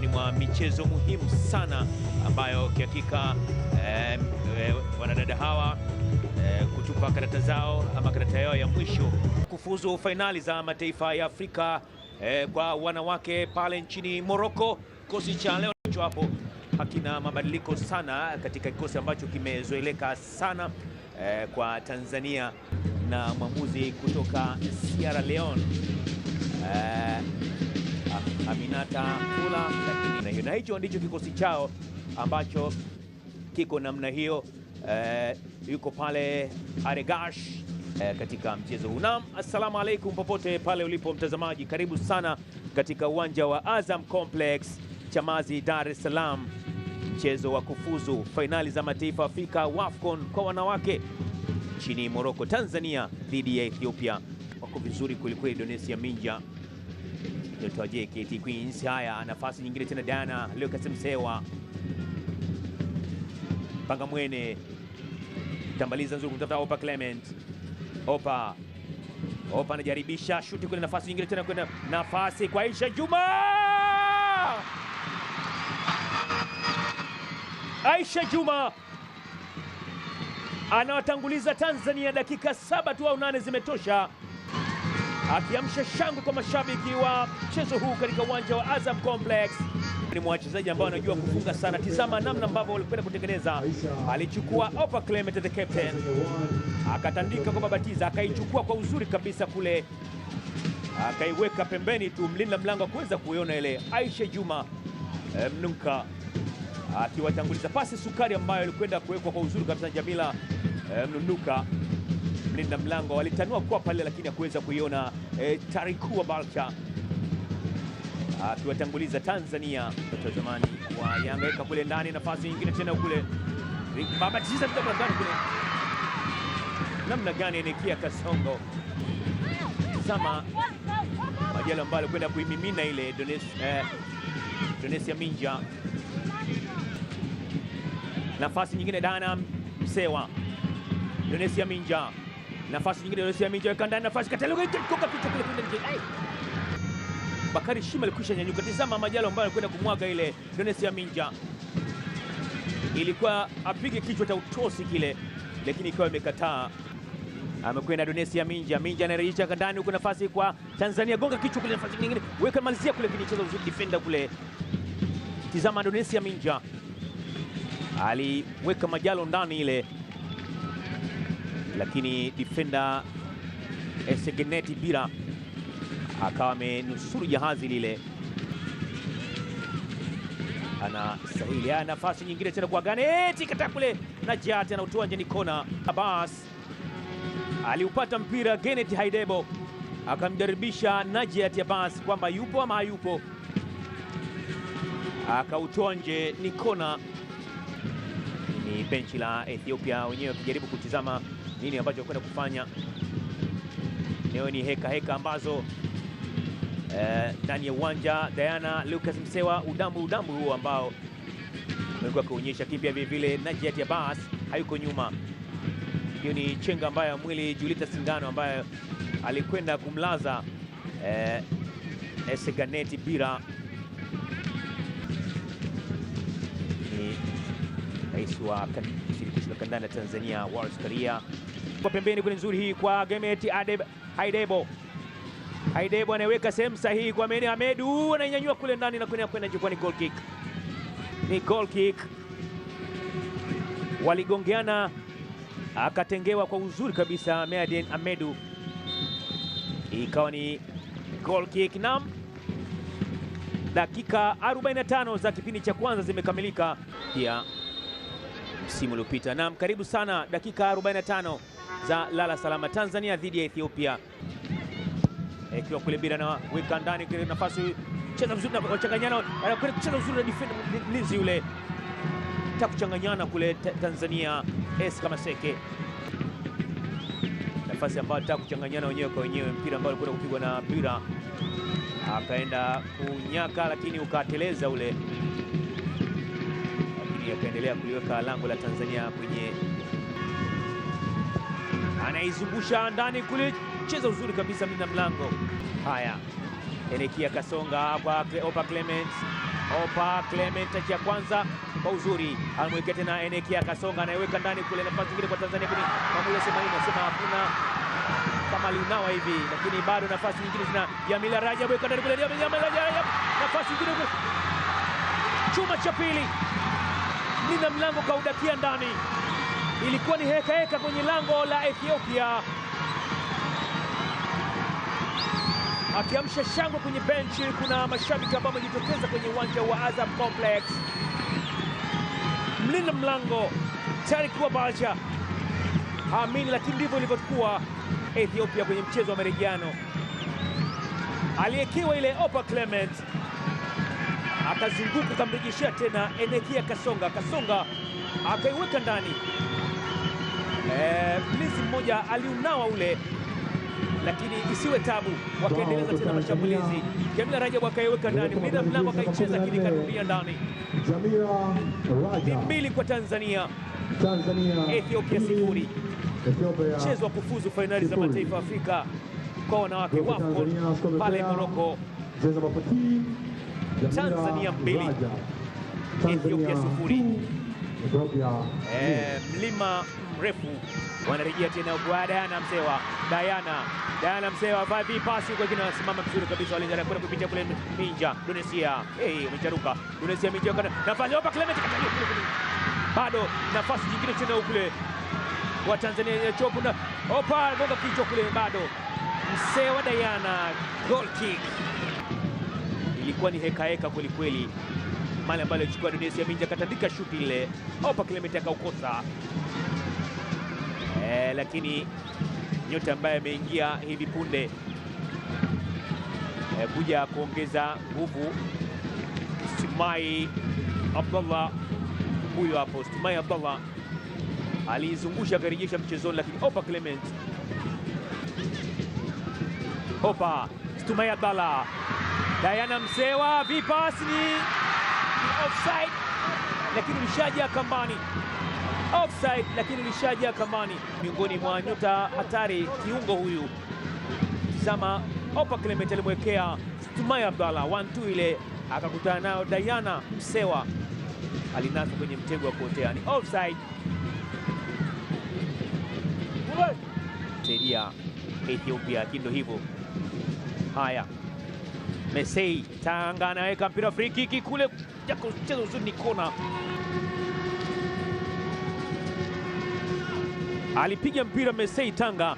miongoni mwa michezo muhimu sana ambayo kihakika eh, wanadada hawa eh, kutupa karata zao ama karata yao ya mwisho kufuzu fainali za mataifa ya Afrika eh, kwa wanawake pale nchini Morocco. Kikosi cha leo cho hapo hakina mabadiliko sana katika kikosi ambacho kimezoeleka sana eh, kwa Tanzania na mwamuzi kutoka Sierra Leone eh, Aminata Kula, lakini na hicho ndicho kikosi chao ambacho kiko namna hiyo. Eh, yuko pale Aregash eh, katika mchezo huu. Naam, assalamu alaikum popote pale ulipo mtazamaji, karibu sana katika uwanja wa Azam Complex Chamazi, Dar es Salaam. Mchezo wa kufuzu fainali za mataifa Afrika WAFCON kwa wanawake nchini Morocco, Tanzania dhidi ya Ethiopia. Wako vizuri kwelikweli, Donesia Minja nyota wa JKT Queens. Haya, nafasi nyingine tena Diana Lucas Msewa, panga mwene, tambaliza nzuri kumtafuta Opa Clement. Opa Opa anajaribisha shuti kule nafasi nyingine tena, kwenda nafasi kwa Aisha Juma. Aisha Juma anawatanguliza Tanzania, dakika saba tu au nane zimetosha akiamsha shangwe kwa mashabiki wa mchezo huu katika uwanja wa Azam Complex. Ni mwachezaji ambao anajua kufunga sana. Tizama namna ambavyo walikwenda kutengeneza. Alichukua Opa Clement the captain, akatandika kwa Babatiza, akaichukua kwa uzuri kabisa kule, akaiweka pembeni tu, mlinda mlango kuweza kuiona ile. Aisha Juma eh, Mnunka akiwatanguliza pasi sukari ambayo alikwenda kuwekwa kwa uzuri kabisa Jamila eh, Mnunduka mlinda mlango walitanua kwa pale, lakini hakuweza kuiona e, eh, Tarikuwa Balcha akiwatanguliza Tanzania. Watazamani wa Yanga kule ndani, nafasi nyingine tena kule kule, namna gani anaekia Kasongo, sama Majalo ambayo alikwenda kuimimina ile eh, Donesia eh, Minja. Nafasi nyingine Dana Msewa, Donesia Minja Nafasi nyingine ya Minja weka ndani nafasi kati Kataluga kutoka picha kule kwenda nje. Bakari Shima alikwisha nyanyuka. Tazama Majalo ambayo alikwenda kumwaga ile Donesia Minja. Ilikuwa apige kichwa cha utosi kile lakini ikawa imekataa. Amekwenda Donesi ya Minja. Minja anarejesha kandani huko nafasi kwa Tanzania gonga kichwa kule nafasi nyingine. Weka malizia kule kile kinicheza uzuri defender kule. Tazama Donesi ya Minja. Aliweka Majalo ndani ile lakini defender esegeneti eh, bila akawa amenusuru jahazi lile. ana sahili haya, nafasi nyingine tena kwa Ganeti, kata kule Jati anautoa nje, ni kona. Abbas aliupata mpira Geneti Haidebo akamjaribisha Jati Abbas kwamba yupo ama hayupo, akautoa nje, ni kona. Ni benchi la Ethiopia wenyewe wakijaribu kutizama nini ambacho kwenda kufanya leo. Ni heka heka ambazo eh, ndani uh, ya uwanja Diana Lucas Msewa, udambu udambu huo ambao umekuwa kuonyesha kipya. Vile vile Najiat bas hayuko nyuma, hiyo ni chenga ambayo mwili Julita Singano ambayo alikwenda kumlaza eh, Seganeti Bira ni rais wa shirikisho la kandanda Tanzania Wallace Karia kwa pembeni kule nzuri hii kwa Gemet Haidebo. Haidebo anaweka sehemu sahihi kwa Mene Hamedu, anainyanyua kule ndani na kwenda jukwani, goal kick. Ni goal kick. Waligongeana akatengewa kwa uzuri kabisa Meaden ahmedu ikawa ni goal kick. Nam, dakika 45 za kipindi cha kwanza zimekamilika pia msimu uliopita. Naam, karibu sana dakika 45 za lala salama Tanzania dhidi ya Ethiopia. Ikiwa kule bila na weka ndani kile nafasi cheza vizuri na wachanganyana anakwenda eh, kucheza vizuri na defender mlinzi yule kuchanganyana kule Tanzania S kama Seke nafasi ambayo ta kuchanganyana wenyewe kwa wenyewe, mpira ambao alikwenda kupigwa na Bira akaenda kunyaka, lakini ukateleza ule, lakini akaendelea kuliweka lango la Tanzania kwenye anaizungusha ndani kule, cheza uzuri kabisa mina mlango. Haya, Enekia Kasonga Opa Clement, Opa Clement ya kwanza kwa uzuri, anamwekea tena Enekia Kasonga, anaiweka ndani kule, nafasi nyingine kwa Tanzania kuni sema Semaini nasema hakuna kama linawa hivi, lakini bado nafasi nyingine zina Jamila Rajab, weka ndani kule Jamila Rajab, nafasi nyingine kule, chuma cha pili, mlinda mlango kaudakia ndani ilikuwa ni heka heka kwenye lango la Ethiopia, akiamsha shangwe kwenye benchi. Kuna mashabiki ambao wamejitokeza kwenye uwanja wa Azam Complex. Mlinda mlango Tariq Wabaja haamini, lakini ndivyo ilivyokuwa Ethiopia kwenye mchezo wa marejiano Aliyekiwa ile Opa Clement akazunguka, akamrejeshea tena Enekia Kasonga. Kasonga akaiweka ndani eh, mlinzi mmoja aliunawa ule, lakini isiwe tabu, wakaendeleza tena mashambulizi. Jamila Rajabu akaiweka ndani, mlinda mlango akaicheza, lakini kaduria ndani. Ni mbili kwa Tanzania, Tanzania Ethiopia sifuri. Mchezo wa kufuzu fainali za mataifa Afrika kwa wanawake wapo pale Moroko. Tanzania mbili Ethiopia sifuri. Eh, Mlima mrefu. Wanarejea tena Bwada na Msewa, Dayana Dayana Msewa, five pasi kwa kina, simama vizuri kabisa, walinza kwenda kupitia kule Minja Donesia, hey, umecharuka Donesia Minja, kana nafasi hapa Clement, bado nafasi nyingine tena kule wa Tanzania eh, chopu na opa, gonga kichwa kule, bado Msewa Dayana, goal kick. Ilikuwa ni heka heka kweli kweli mali ambayo alichukua Donesia Minja, katandika shuti ile opa, Clement akaukosa eh, lakini nyota ambaye ameingia hivi punde eh, kuja kuongeza nguvu Stumai Abdallah, huyo hapo Stumai Abdallah aliizungusha akarejesha mchezoni, lakini opa Clement opa Stumai Abdallah Diana Msewa vipasni offside, lakini mshaji akambani offside, lakini lishaja kamani. Miongoni mwa nyota hatari kiungo huyu, tizama Opa Clement alimwekea stumai Abdallah 1-2 ile akakutana nayo Diana Msewa, alinaswa kwenye mtego wa kuotea, ni offside. Saidia Ethiopia, kindo hivyo. Haya, Mesei Tanga anaweka mpira free kick kule, cheza uzuri, ni kona. alipiga mpira Mesei Tanga,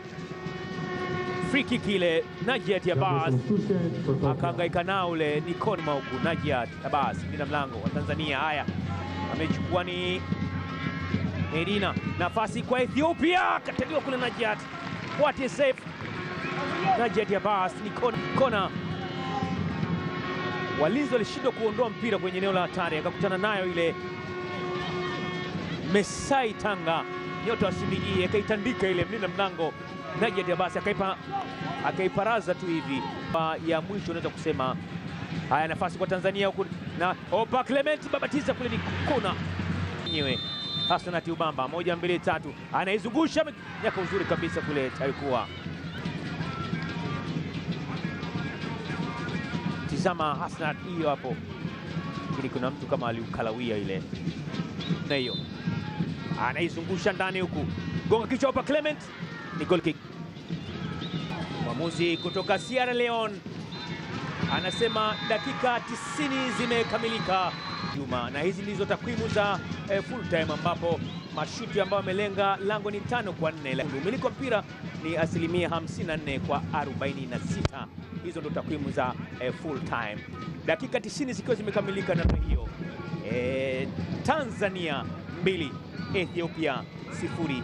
free kick ile Najiat Abbas akahangaika nao ule ni mauku huku. Najiat Abbas bila mlango wa Tanzania. Haya, amechukua ni Medina, nafasi kwa Ethiopia, kateliwa kule Najiat. What a save! Najiat Abbas ni kona. Walinzi walishindwa kuondoa mpira kwenye eneo la hatari, akakutana nayo ile Mesai Tanga nyota wa akaitandika ile mlinda mlango Najed Abbas akaipa akaiparaza tu hivi ya mwisho, unaweza kusema haya nafasi kwa Tanzania huku na Opa Clement babatiza kule, ni kona yenyewe Hassanati Ubamba, moja mbili tatu, anaizungusha nyaka uzuri kabisa kule alikuwa tizama Hassanat hiyo hapo, ili kuna mtu kama aliukalawia ile na hiyo anaizungusha ndani huku, gonga kichwa hapa, Clement ni goal kick. Mwamuzi kutoka Sierra Leone anasema dakika 90 zimekamilika, Juma, na hizi ndizo takwimu za eh, full time ambapo mashuti ambayo amelenga lango ni tano kwa nne. Umiliki wa mpira ni asilimia 54 kwa 46. Hizo ndo takwimu za eh, full time, dakika 90 zikiwa zimekamilika namna hiyo. Eh, Tanzania mbili Ethiopia sifuri.